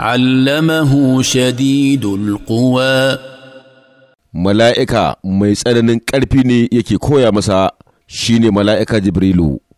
allamahu شديد القوى mala'ika mai tsananin ƙarfi ne yake koya masa shine mala'ika Jibrilu.